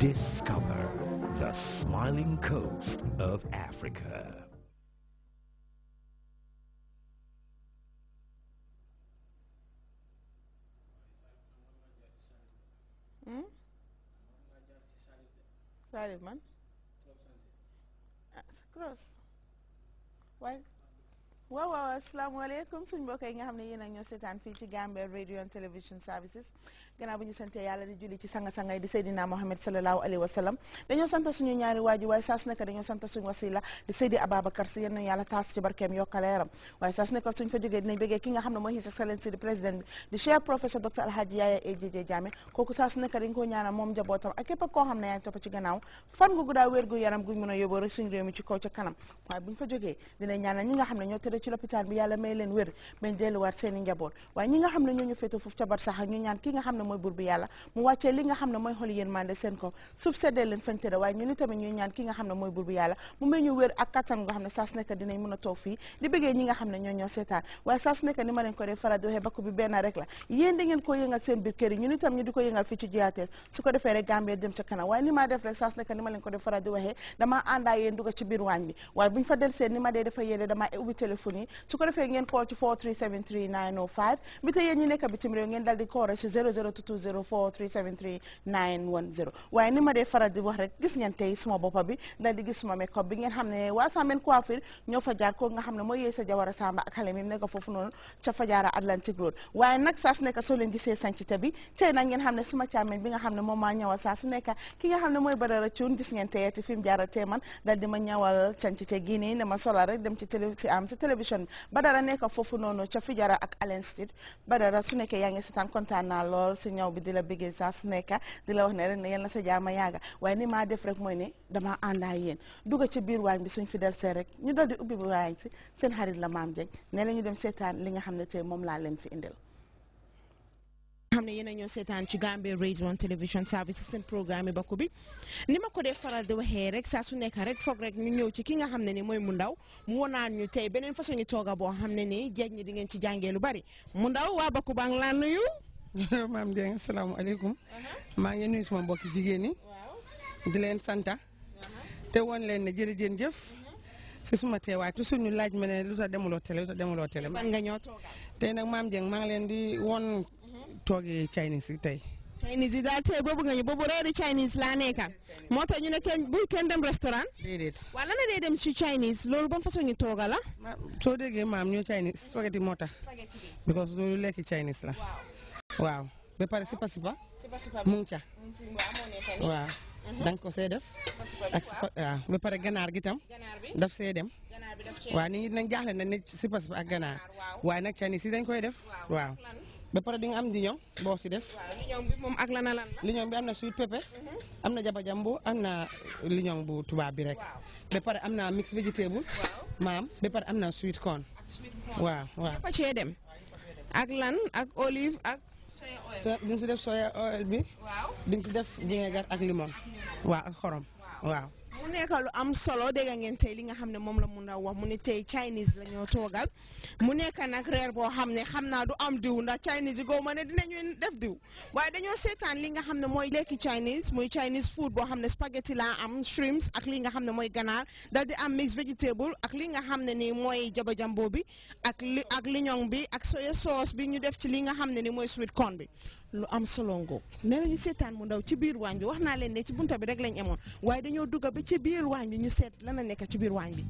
Discover the smiling coast of Africa. Hmm? Sorry, man. Uh, cross. Why? waaw waaw asalaamaaleykum suñ mbokk yi nga xam ne yéen a ñoo seetaan fii ci Gambia radio and television services gannaaw bu ñu sante yàlla ci sanga-sangay di Seydina Mohamed salallahu alayhi wa sallam dañoo sant suñu ñaari waaji waaye saas nekk dañoo sant suñu wasila ci barkeem yokkaleeram waaye saas nekk suñ fa jógee dinañ bëggee ci gannaaw fan gu guddaa wér gu yaram guñ mën a yóbboo rek suñu réew mi ci kaw ca kanam waaye buñ fa jógee dinañ ci lopitaan bi yàlla may leen wér bañ delluwaat seen njaboot waaye ñi nga xam ne ñoo ñu féete foofu ca barsax ñu ñaan ki nga xam ne mooy buur bi yàlla mu wàccee li nga xam ne mooy xol yërmande seen ko suuf seddee leen fañ tëdd waaye ñu ni tamit ñu ni ko dee faral di waxee bakku bi benn rek la yéen da ngeen ko yëngal seen biir kër ñu ni tam ñu di ko yëngal fii ci jiyaatee su ko defee rek Gambia dem ca kanam waaye ni maa def rek saas waxtu ni su ko defee ngeen call ci 437 3905 bi te yéen ñu nekk bitim réew ngeen dal di koore ci 00220 437 3910 waaye ni ma dee faral di wax rek gis ngeen tey suma boppa bi dal gis suma makeup bi ngeen xam ne waa Sambène Coiffure ñoo fa jaar ko nga xam ne mooy yéey sa jawara Samba ak xale mi nekk foofu noonu ca Atlantic Road waaye nag saa su nekk soo leen gisee bi tey nag ngeen xam télévision Badara nekk foofu noonu ca Fijara ak Allen Street Badara su nekkee yaa ngi seetaan kontaan naa lool si ñaw bi di la bëggee saa su nekk di la wax ne rek ne yéen la sa jaama yaaga waaye ni maa def rek mooy ne damaa àndaa yéen dugg ci biir waañ bi suñ fi del see rek ñu dal di ubbi bi waañ si seen xarit la maam Dieng ne la ñu dem seetaan li nga xam ne tey moom laa leen fi indil xam ne yéen a ñoo seetaan ci Gambia Radio and Television Services seen programme ba ko bi ni ma ko dee faral di waxee rek saa su nekk rek foog rek ñu ñëw ci ki nga xam ni mooy mu ndaw mu wonaan ñu tey beneen façon ñu tooga boo xam ne nii ñi di ngeen ci jàngee lu bari mu ndaw waa Bakku baa ngi laa nuyu. maam Dieng salaamualeykum. Uh-huh. maa ngi nuyu suma mbokki jigéen ñi. di leen santa uh-huh. te woon leen ne jërëjëf jëf. Uh-huh. si suma teewaay toujours laaj ma lu tax demuloo télé lu tax demuloo télé. ban nga ñoo toogal tey nag maam Dieng maa ngi leen di woon toogee Chinese yi tey. Chinese yi daal tey boobu nga ñu boobu reeri Chinese laa nekka moo tax ñu ne kenn bu kenn dem restaurant. déedéet waaw lan dem ci Chinese loolu ban façon ñu tooga la. soo déggee maam ñu Chinese spaghetti moo tax. because loolu lekki la. waaw ba pare sipa sipa. sipa mu ngi ca. waaw mhm. da ko see def. ak ba pare ganaar gi tam. daf see dem. waaw nit ñi nañ jaaxle nañ ne sipa sipa ak ganaar waaye nag Chinese yi dañ koy def waaw. ba pare dinga am liñoom boo si def. moom ak lan lan la. liñoom bi am na suite pépé. Mhm. am na jaba jambu am na liñoom bu tubaab bi rek. ba pare am na mix vegetable. maam ba pare am na suite corn. waaw cee dem. ak lan ak olive ak. di si def soya oil bi. di nga si ak limon. waaw ak waaw. i am solo dégg ngeen tey li nga ne moom la mun a wax mu ne tey Chinese la ñoo toogal mu nekk nag reer boo xam ne xam naa du am diw ndax Chinese go mane ma ne dinañu def diw waaye dañoo seetaan li nga xam ne mooy lekki Chinese muy Chinese food bo xam ne spaghetti la am shrimps ak li nga xam ne mooy ganaar dal di am mixed vegetable ak li nga ne ni mooy jaba jambo ak ak liñong bi ak soya sauce bi ñu def ci li ne ni mooy sweet corn bi lu am solongo nee na ñu seetaan mu ndaw ci biir waañ bi wax naa leen ne ci bunta bi rek lañ emoon waaye dañoo dugga ba ci biir waañ bi ñu seet lana nekk ci biir waañ bi